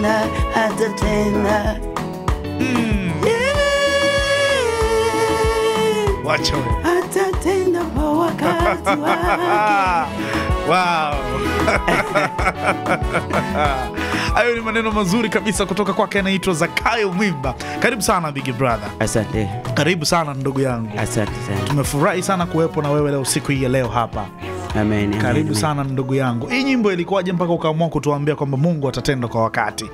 tena, hata tena. Mm, hata tena kwa wakati Hayo ni maneno mazuri kabisa kutoka kwake, anaitwa Zakayo Mwimba. Karibu sana Big Brother. Asante. Karibu sana ndugu yangu. Asante sana. Tumefurahi sana kuwepo na wewe leo siku hii ya leo hapa. Amen, karibu amen. sana ndugu yangu, hii nyimbo ilikuwaje mpaka ukaamua kutuambia kwamba Mungu atatenda kwa wakati?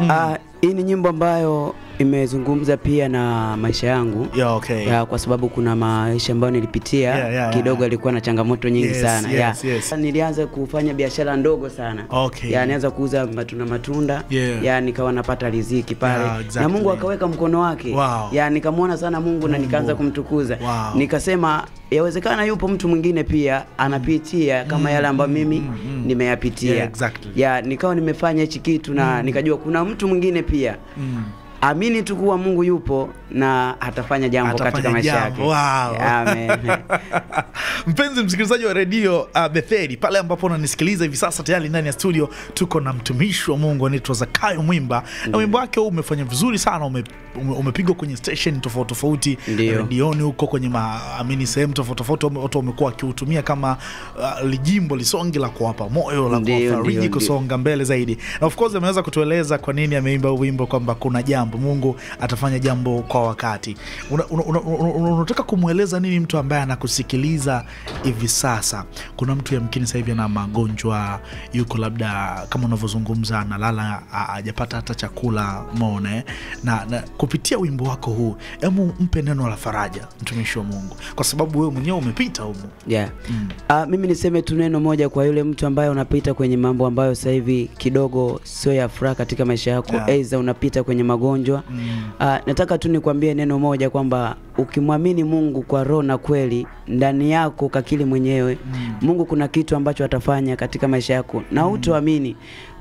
Mm. Ah, hii mm. uh, ni nyimbo ambayo imezungumza pia na maisha yangu yeah, okay. ya, kwa sababu kuna maisha ambayo nilipitia yeah, yeah, kidogo alikuwa na changamoto nyingi yes, sana yes, Yes. Nilianza kufanya biashara ndogo sana okay. ya, nianza kuuza matunda matunda yeah. ya, nikawa napata riziki pale yeah, exactly. na Mungu akaweka mkono wake wow. ya, nikamwona sana Mungu, Mungu na nikaanza kumtukuza wow. nikasema yawezekana yupo mtu mwingine pia anapitia kama mm, yale ambayo mm, mimi mm, mm, nimeyapitia yeah, exactly. ya, nikawa nimefanya hichi kitu na mm. nikajua kuna mtu mwingine pia mm amini tu kuwa Mungu yupo na atafanya jambo atafanya katika maisha yake. Wow. Amen. Mpenzi msikilizaji wa redio uh, Betheli, pale ambapo unanisikiliza hivi sasa, tayari ndani ya studio tuko na mtumishi wa Mungu anaitwa Zakayo Mwimba mm. na wimbo wake huu umefanya vizuri sana, ume, ume, umepigwa kwenye station tofauti tofauti redioni huko kwenye maamini sehemu tofauti tofauti, watu wamekuwa wakiutumia kama uh, lijimbo lisongi la kuwapa moyo la kuwafariji kusonga mbele zaidi, na of course ameweza kutueleza kwa nini ameimba wimbo kwamba kuna jambo jambo, Mungu atafanya jambo kwa wakati. Unataka una, una, una, una kumweleza nini mtu ambaye anakusikiliza hivi sasa? Kuna mtu yamkini sasa hivi ana magonjwa, yuko labda kama unavyozungumza, analala ajapata hata chakula mone, eh? na, na kupitia wimbo wako huu, hemu mpe neno la faraja, mtumishi wa Mungu, kwa sababu wewe mwenyewe umepita humu. Yeah. Mm. Uh, mimi niseme tu neno moja kwa yule mtu ambaye unapita kwenye mambo ambayo sasa hivi kidogo sio ya furaha katika maisha yako, yeah. eiza unapita kwenye magonjwa mgonjwa mm. Uh, nataka tu nikwambie neno moja kwamba ukimwamini Mungu kwa roho na kweli ndani yako kakili mwenyewe mm. Mungu kuna kitu ambacho atafanya katika maisha yako na mm. utoamini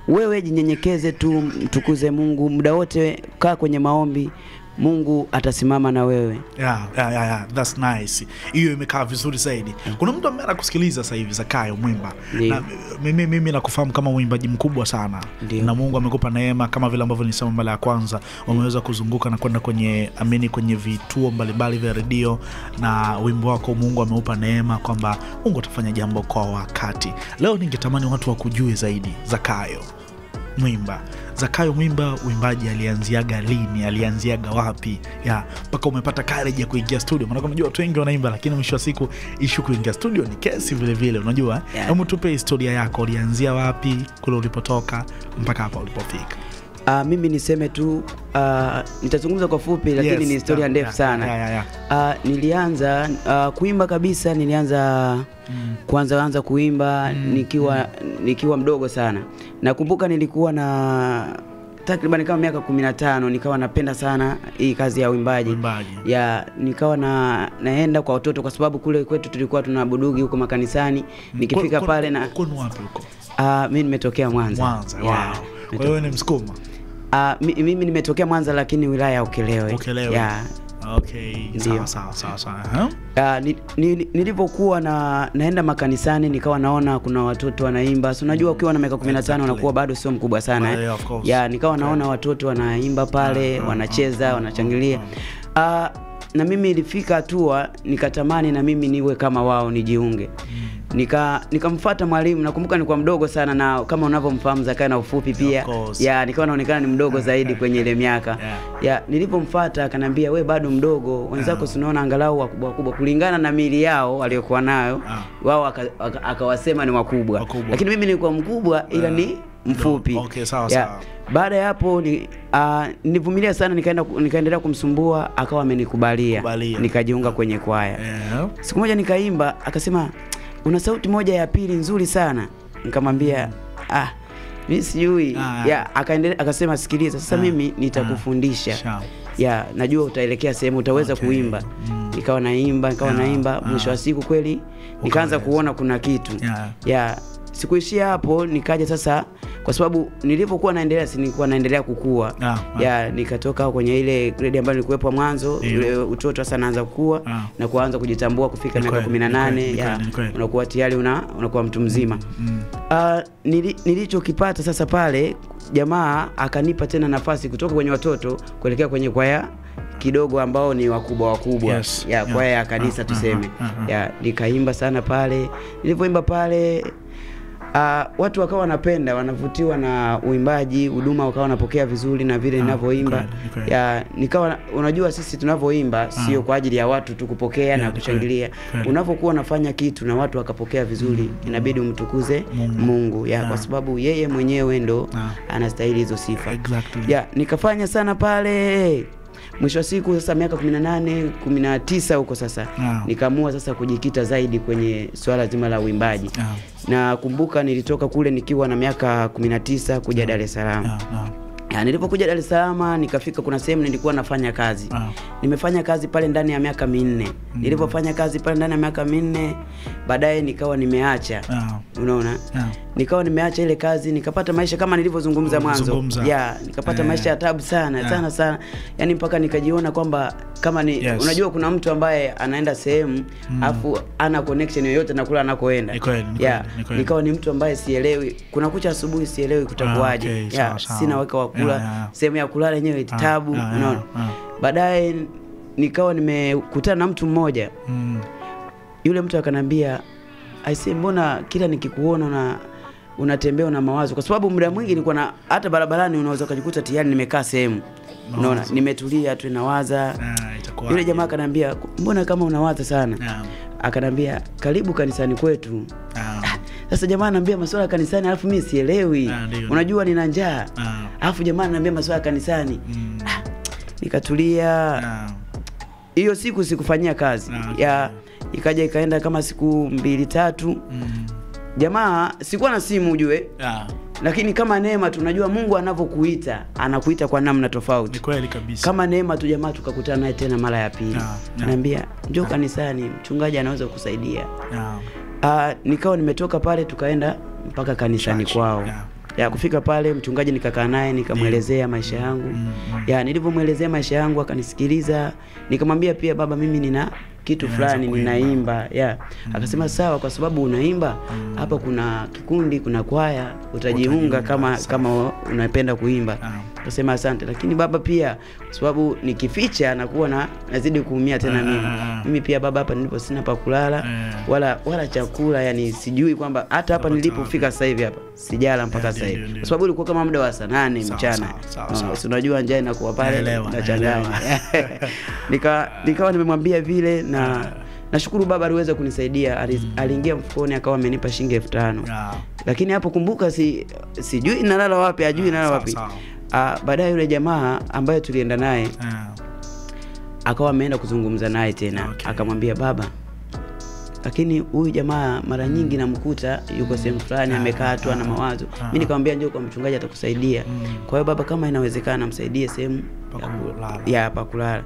wewe jinyenyekeze tu, mtukuze Mungu muda wote, kaa kwenye maombi, Mungu atasimama na wewe. Yeah, yeah, yeah, yeah. That's nice. Hiyo imekaa vizuri zaidi. Yeah. Kuna mtu ambaye anakusikiliza sasa hivi Zakayo mwimba. Na mimi mimi nakufahamu kama mwimbaji mkubwa sana. Ndiyo. Na Mungu amekupa neema kama vile ambavyo nilisema mara ya kwanza, umeweza kuzunguka na kwenda kwenye amini kwenye vituo mbalimbali vya redio na wimbo wako Mungu ameupa neema kwamba Mungu atafanya jambo kwa wakati. Leo ningetamani watu wakujue zaidi Zakayo. Mwimba. Zakayo Mwimba, uimbaji alianziaga lini? Alianziaga wapi ya mpaka umepata courage ya kuingia studio? Maanake unajua watu wengi wanaimba, lakini mwisho wa siku ishu kuingia studio ni kesi vilevile unajua yeah. tupe historia yako, ulianzia wapi, kule ulipotoka mpaka hapa ulipofika. Uh, mimi niseme tu uh, nitazungumza kwa fupi lakini yes, ni historia yeah, ndefu sana yeah, yeah, yeah. Uh, nilianza uh, kuimba kabisa nilianza mm. kuanza anza kuimba mm. nikiwa mm. nikiwa mdogo sana nakumbuka nilikuwa na takriban kama miaka 15 nikawa napenda sana hii kazi ya uimbaji. Uimbaji. Ya nikawa na naenda kwa watoto kwa sababu kule kwetu tulikuwa tuna budugi huko makanisani. Mm. Nikifika pale na Kwa wapi mimi nimetokea Mwanza. Mwanza. yeah. Wow. Kwa hiyo ni Msukuma. Uh, mimi nimetokea Mwanza lakini wilaya ya Ukelewe. Ukelewe. Yeah. Okay, sawa sawa sawa sawa. -huh. Ah, uh, ni, ni, nilivyokuwa na naenda makanisani nikawa naona kuna watoto wanaimba. Si unajua mm-hmm. ukiwa na miaka 15 exactly. unakuwa bado sio mkubwa sana. ya yeah, yeah, nikawa naona okay. watoto wanaimba pale, uh ah, -huh. wanacheza, wanachangilia. Uh, na mimi ilifika hatua nikatamani na mimi niwe kama wao nijiunge nika nikamfuata mwalimu nakumbuka nilikuwa mdogo sana na kama unavyomfahamu Zakayo na ufupi pia ya nikawa naonekana ni mdogo zaidi kwenye ile miaka ya nilipomfuata akaniambia we bado mdogo wenzako sinaona angalau wakubwa wakubwa kulingana na mili yao waliokuwa nayo ah. wao akawasema ni wakubwa. lakini mimi nilikuwa mkubwa ila ni mfupi okay, sawa, yeah. sawa. Baada ya hapo ni, uh, ah, nivumilia sana nikaenda nikaendelea kumsumbua akawa amenikubalia nikajiunga kwenye kwaya yeah. Siku moja nikaimba akasema una sauti moja ya pili nzuri sana, nikamwambia mm. ah, mimi sijui ah. ya, yeah, akaendelea akasema sikiliza sasa ah. mimi nitakufundisha ah. yeah, najua utaelekea sehemu utaweza okay. kuimba mm. Nikawa naimba nikawa yeah. naimba yeah. mwisho wa siku kweli nikaanza kuona kuna kitu Ya. yeah. yeah. Sikuishia hapo nikaja sasa kwa sababu nilivyokuwa naendelea si nilikuwa naendelea kukua ah, ah. ya nikatoka kwenye ile grade ambayo nilikuwepo mwanzo ule eh, utoto sasa naanza kukua ah. na kuanza kujitambua kufika miaka 18 unakuwa tayari una unakuwa mtu mzima mm. uh, nili, nilichokipata sasa pale jamaa akanipa tena nafasi kutoka kwenye watoto kuelekea kwenye kwaya kidogo ambao ni wakubwa wakubwa yes. ya kwaya yeah. ya ah, kanisa ah, tuseme ah, ah, ah. ya nikaimba sana pale nilipoimba pale Uh, watu wakawa wanapenda wanavutiwa na uimbaji huduma wakawa wanapokea vizuri na vile ah, ninavyoimba ah, nikawa unajua sisi tunavyoimba ah. sio kwa ajili ya watu tu kupokea yeah, na kushangilia unavyokuwa unafanya kitu na watu wakapokea vizuri mm. inabidi umtukuze Mungu, Mungu ya, yeah, kwa ah. sababu yeye mwenyewe ndo ah. anastahili hizo sifa exactly. ya, nikafanya sana pale mwisho wa siku sasa miaka 18 19 huko sasa yeah. nikaamua sasa kujikita zaidi kwenye swala zima la uimbaji yeah. nakumbuka nilitoka kule nikiwa na miaka 19 kuja yeah. Dar es Salaam yeah. yeah Ah, nilipokuja Dar es Salaam nikafika, kuna sehemu nilikuwa nafanya kazi ah. Nimefanya kazi pale ndani ya miaka minne mm. Nilipofanya kazi pale ndani ya miaka minne baadaye nikawa nimeacha ah. Unaona Yeah. Nikawa nimeacha ile kazi, nikapata maisha kama nilivyozungumza mwanzo, yeah, nikapata yeah. maisha ya tabu sana yeah. sana sana, yani mpaka nikajiona kwamba kama ni yes. unajua kuna mtu ambaye anaenda sehemu mm. afu ana connection yoyote na kula anakoenda yeah. nikawa ni mtu ambaye sielewi kuna kucha asubuhi sielewi kutakuaje ah, okay. yeah. sina weka wa kula yeah, yeah. sehemu ya kulala yenyewe ah, tabu ah, yeah, unaona yeah, yeah. baadaye nikawa nimekutana na mtu mmoja mm. yule mtu akanambia aisee mbona kila nikikuona na unatembea na mawazo, kwa sababu muda mwingi nilikuwa na hata barabarani unaweza ukajikuta tayari nimekaa sehemu unaona nimetulia tu nawaza. Ah, Yule jamaa akanambia mbona kama unawaza sana? Naam. Akaniambia karibu kanisani kwetu. Naam. Sasa jamaa anaambia masuala ya kanisani, alafu mimi sielewi, ah, unajua nina njaa, alafu jamaa anaambia masuala ya kanisani. Mm. Ah, nikatulia. Hiyo siku sikufanyia kazi ya ikaja ikaenda kama siku mbili tatu. Mm jamaa sikuwa na simu ujue ah. lakini kama neema tunajua mungu anavyokuita anakuita kwa namna tofauti kweli kabisa kama neema tu jamaa tukakutana naye tena mara ya pili ah, ah. naambia njoo kanisani mchungaji anaweza kukusaidia yeah. uh, nikawa nimetoka pale tukaenda mpaka kanisani Church. kwao yeah ya kufika pale mchungaji nikakaa naye nikamwelezea maisha yangu mm. hmm ya nilivyomwelezea maisha yangu akanisikiliza nikamwambia pia baba mimi nina kitu fulani ninaimba yeah. mm. akasema sawa kwa sababu unaimba mm. hapa mm. kuna kikundi kuna kwaya utajiunga kama kama unapenda kuimba ah utasema asante lakini baba pia kwa sababu nikificha nakuwa na nazidi kuumia tena mimi ah, ah, ah. mimi pia baba hapa nilipo sina pa kulala eh. wala wala chakula yani sijui kwamba hata hapa nilipofika sasa hivi hapa sijala mpaka eh, sasa hivi kwa sababu ilikuwa kama muda wa saa nane mchana si unajua njaa inakuwa pale na nachanganya nika nikawa nimemwambia vile na nashukuru baba aliweza kunisaidia mm. aliingia mfukoni akawa amenipa shilingi elfu tano yeah. lakini hapo kumbuka si sijui nalala wapi ajui nalala wapi sawa, Ah, baadaye yule jamaa ambaye tulienda naye ah. akawa ameenda kuzungumza naye tena okay. akamwambia baba lakini huyu jamaa mara nyingi namkuta yuko mm. sehemu fulani ah, amekaa tu ana ah, mawazo. Mimi nikamwambia njoo kwa mchungaji atakusaidia. Mm. Kwa hiyo baba, kama inawezekana, msaidie sehemu ya pakulala.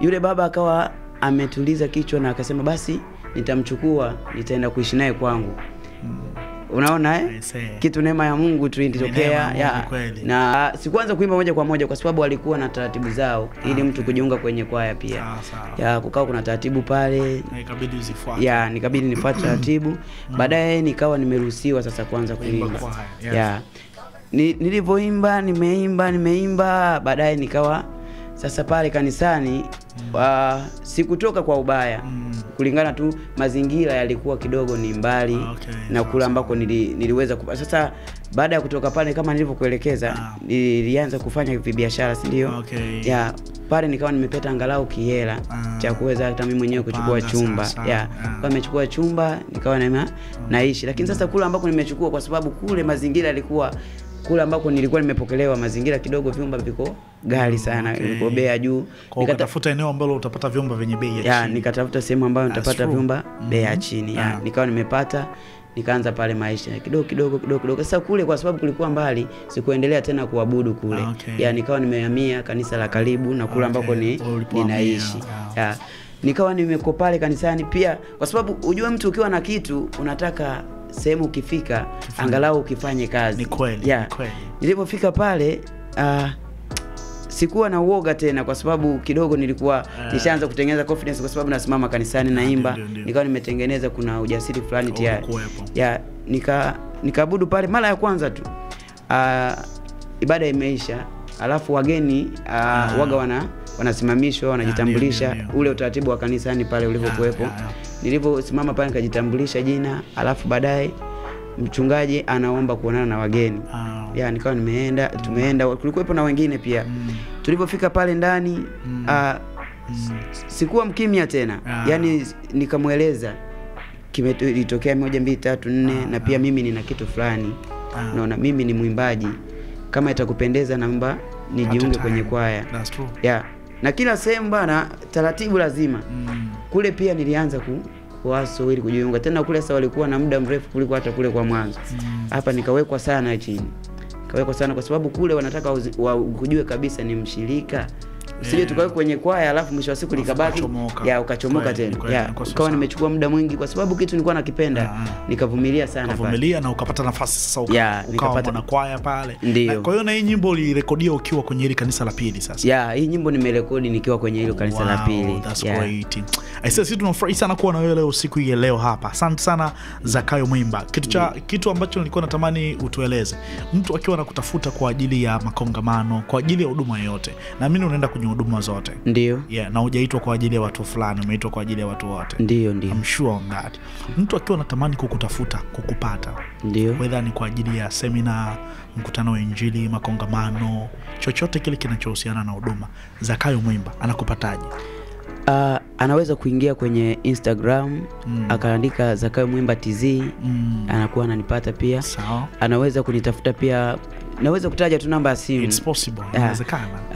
Yule baba akawa ametuliza kichwa na akasema basi nitamchukua, nitaenda kuishi naye kwangu. Mm unaona eh? kitu neema ya Mungu tu ilitokea na sikuanza kuimba moja kwa moja kwa sababu walikuwa na taratibu zao ah, ili mtu kujiunga kwenye kwaya pia sawa, ya kukaa kuna taratibu pale ikabidi uzifuate ya nikabidi nifuate taratibu mm. baadaye nikawa nimeruhusiwa sasa kuanza kuimba yes. ya nilivyoimba nimeimba nimeimba baadaye nikawa sasa pale kanisani uh, sikutoka kwa ubaya mm. kulingana tu mazingira yalikuwa kidogo ni mbali ah, okay, na kule ambako nili, niliweza kupa. Sasa baada ya kutoka pale kama nilivyokuelekeza ah. nilianza kufanya vibiashara si ndio? Okay. Yeah, pale nikawa nimepeta angalau kihela ah. cha kuweza hata mimi mwenyewe kuchukua chumba sasa. Yeah. Ah. nimechukua chumba nikawa ah. naishi lakini sasa kule ambako nimechukua kwa sababu kule mazingira yalikuwa kule ambako nilikuwa nimepokelewa, mazingira kidogo, vyumba viko gari sana, okay. Niko bei ya juu, nikatafuta eneo ambalo utapata vyumba vyenye bei ya chini, nikatafuta sehemu ambayo nitapata vyumba mm-hmm. bei ya chini, ah. nikawa nimepata nikaanza pale maisha kidogo kidogo kidogo kidogo. Sasa kule kwa sababu kulikuwa mbali, sikuendelea tena kuabudu kule ah, okay. ya nikawa nimehamia kanisa la karibu na kule ah, ambako okay. ni, ninaishi yeah. ya nikawa nimeko pale kanisani pia, kwa sababu ujue mtu ukiwa na kitu unataka sehemu ukifika angalau ukifanye kazi. Ni kweli, yeah. ni kweli. Nilipofika pale uh, sikuwa na uoga tena kwa sababu kidogo nilikuwa uh, nishaanza kutengeneza confidence kwa sababu nasimama kanisani ah, naimba, nikawa nimetengeneza kuna ujasiri fulani tayari. Ya nika nikaabudu pale mara ya kwanza tu. Uh, ibada imeisha, alafu wageni uh, uh, waga wana wanasimamishwa wanajitambulisha, yeah, ule utaratibu wa kanisani pale ulivyokuwepo. Yeah, yeah, yeah nilivyosimama pale nikajitambulisha jina, alafu baadaye mchungaji anaomba kuonana na wageni ah. ya nikawa nimeenda, tumeenda, kulikuwepo na wengine pia mm. Tulipofika pale ndani mm. uh, mm. sikuwa mkimya tena ah. Yani nikamweleza kimetokea moja mbili tatu nne ah. na pia ah. mimi nina kitu fulani ah. naona mimi ni mwimbaji, kama itakupendeza namba nijiunge kwenye kwaya yeah na kila sehemu bana, taratibu lazima mm. Kule pia nilianza ku waso ili kujiunga tena kule. Sasa walikuwa na muda mrefu kuliko hata kule kwa mwanzo mm. hapa mm. Nikawekwa sana chini, kawekwa sana kwa sababu kule wanataka kujue kabisa ni mshirika usije yeah. tukaweka kwenye kwaya alafu mwisho wa siku likabaki ya ukachomoka tena ya kwa nimechukua muda mwingi kwa sababu kitu nilikuwa nakipenda yeah. nikavumilia sana kavumilia na ukapata nafasi sasa uka, yeah, ukawa nikapata... kwaya pale ndio kwa hiyo na hii nyimbo ulirekodia ukiwa kwenye ile kanisa la pili sasa ya yeah, hii nyimbo nimerekodi nikiwa kwenye hilo kanisa wow, la pili that's yeah. great sisi tunafurahi sana kuwa na wewe leo siku hii leo hapa. Asante sana Zakayo Mwimba. Kitu cha mm. kitu ambacho nilikuwa natamani utueleze, mtu akiwa anakutafuta kwa ajili ya makongamano, kwa ajili ya huduma yoyote, naamini unaenda kwenye huduma zote, ndio yeah, na ujaitwa kwa ajili ya watu fulani, umeitwa kwa ajili ya watu wote, ndio ndio, mshua ngati Mtu akiwa anatamani kukutafuta, kukupata, ndio wedha ni kwa ajili ya semina, mkutano wa Injili, makongamano, chochote kile kinachohusiana na huduma, Zakayo Mwimba anakupataje? uh, anaweza kuingia kwenye Instagram mm. akaandika Zakayo Mwimba TZ mm. anakuwa ananipata pia so. anaweza kunitafuta pia naweza kutaja tu namba ya simu It's possible. Yeah. Uh,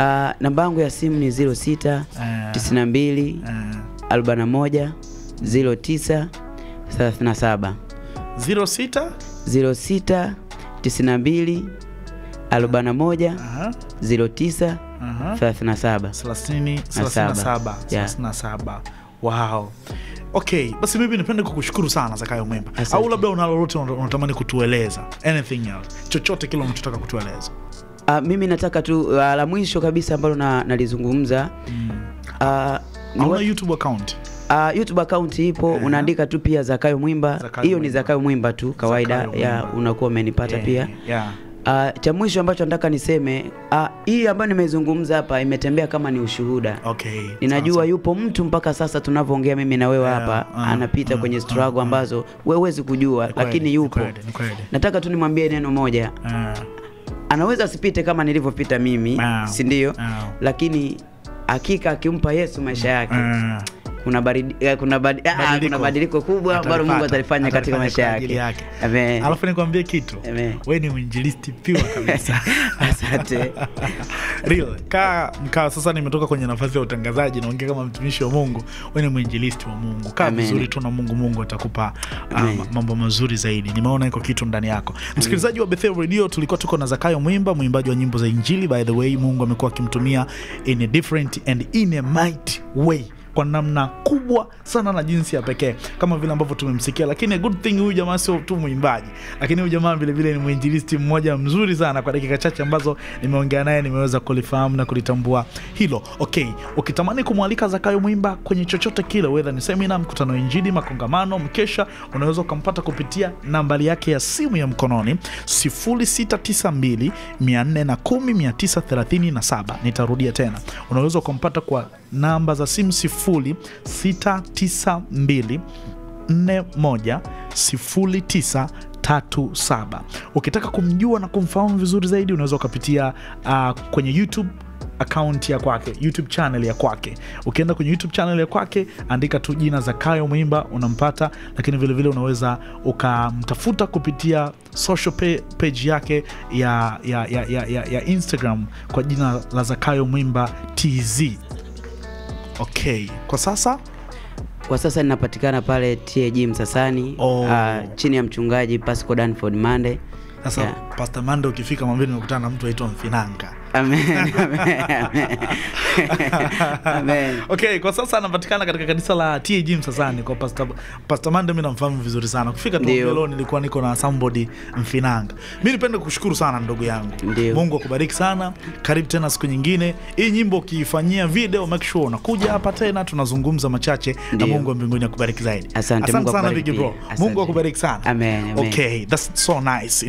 ah, namba yangu ya simu ni 06 uh, 92 uh, 41 09 37 06 06 92 41 09 37 37 Wow. Okay, basi mimi nipende kukushukuru sana Zakayo Mwemba. Au labda una lolote unatamani kutueleza? Anything else? Chochote kile unachotaka kutueleza. Uh, mimi nataka tu uh, la mwisho kabisa ambalo nalizungumza na mm. Ah, uh, wat... YouTube account. Uh, YouTube account ipo yeah. Unaandika tu pia Zakayo Mwimba, hiyo ni Zakayo Mwimba tu kawaida ya Unakuwa umenipata yeah. pia yeah. Uh, cha mwisho ambacho nataka niseme uh, hii ambayo nimeizungumza hapa imetembea kama ni ushuhuda. Okay. Ninajua awesome. yupo mtu mpaka sasa tunavyoongea mimi na wewe hapa yeah, uh, anapita uh, kwenye uh-huh, struggle uh, uh, ambazo wewe huwezi kujua nikwede, lakini yupo. Nikwede, nikwede. Nataka tu nimwambie neno moja. Uh. Anaweza asipite kama nilivyopita mimi, uh, si ndio? Uh. Lakini hakika akimpa Yesu maisha yake uh kuna baridi, eh, kuna baridi, ah, ah, kuna badiliko kubwa ambalo Mungu atalifanya katika maisha yake. Amen. Alafu nikwambie kitu. Wewe ni mwinjilisti piwa kabisa. Asante. Real, kaa mkaa sasa nimetoka kwenye nafasi ya utangazaji naongea kama mtumishi wa Mungu. Wewe ni mwinjilisti wa Mungu. Kaa vizuri tu na Mungu, Mungu atakupa ah, mambo mazuri zaidi. Nimeona iko kitu ndani yako. Msikilizaji wa Bethel Radio, tulikuwa tuko na Zakayo Mwimba, mwimbaji wa nyimbo za Injili. By the way, Mungu amekuwa akimtumia in a different and in a mighty way kwa namna kubwa sana na jinsi ya pekee kama vile ambavyo tumemsikia lakini good thing huyu jamaa sio tu mwimbaji lakini huyu jamaa vilevile ni mwinjilisti mmoja mzuri sana kwa dakika chache ambazo nimeongea naye nimeweza kulifahamu na kulitambua hilo okay ukitamani kumwalika zakayo mwimba kwenye chochote kile wedha ni semina mkutano injili makongamano mkesha unaweza ukampata kupitia nambari yake ya simu ya mkononi 692 410 937 nitarudia tena unaweza ukampata kwa namba za simu 0 692 41 Ukitaka kumjua na kumfahamu vizuri zaidi, unaweza ukapitia uh, kwenye YouTube akaunti ya kwake YouTube chanel ya kwake. Ukienda kwenye YouTube chanel ya kwake, andika tu jina Zakayo Mwimba unampata, lakini vilevile vile unaweza ukamtafuta kupitia social page yake ya, ya, ya, ya, ya, ya Instagram kwa jina la Zakayo Mwimba TZ. Okay, kwa sasa kwa sasa ninapatikana pale TAG Msasani oh. uh, chini ya mchungaji Pasco Danford Mande. Sasa yeah. Pastor Mande ukifika mwambie nimekutana na mtu aitwa Mfinanga Amen, amen, Okay, kwa sasa anapatikana katika kanisa la TAG Msasani kwa Pastor Pastor Mande, mimi namfahamu vizuri sana. Kufika tu leo nilikuwa niko na somebody Mfinanga. Mimi nipende kukushukuru sana ndugu yangu. Ndiyo. Mungu akubariki sana. Karibu tena siku nyingine. Hii nyimbo ukiifanyia video make sure unakuja hapa tena tunazungumza machache Ndiyo. na Mungu wa mbinguni akubariki zaidi. Asante, Asante Mungu sana Big Bro. Mungu akubariki sana. Amen, amen. Okay, that's so nice.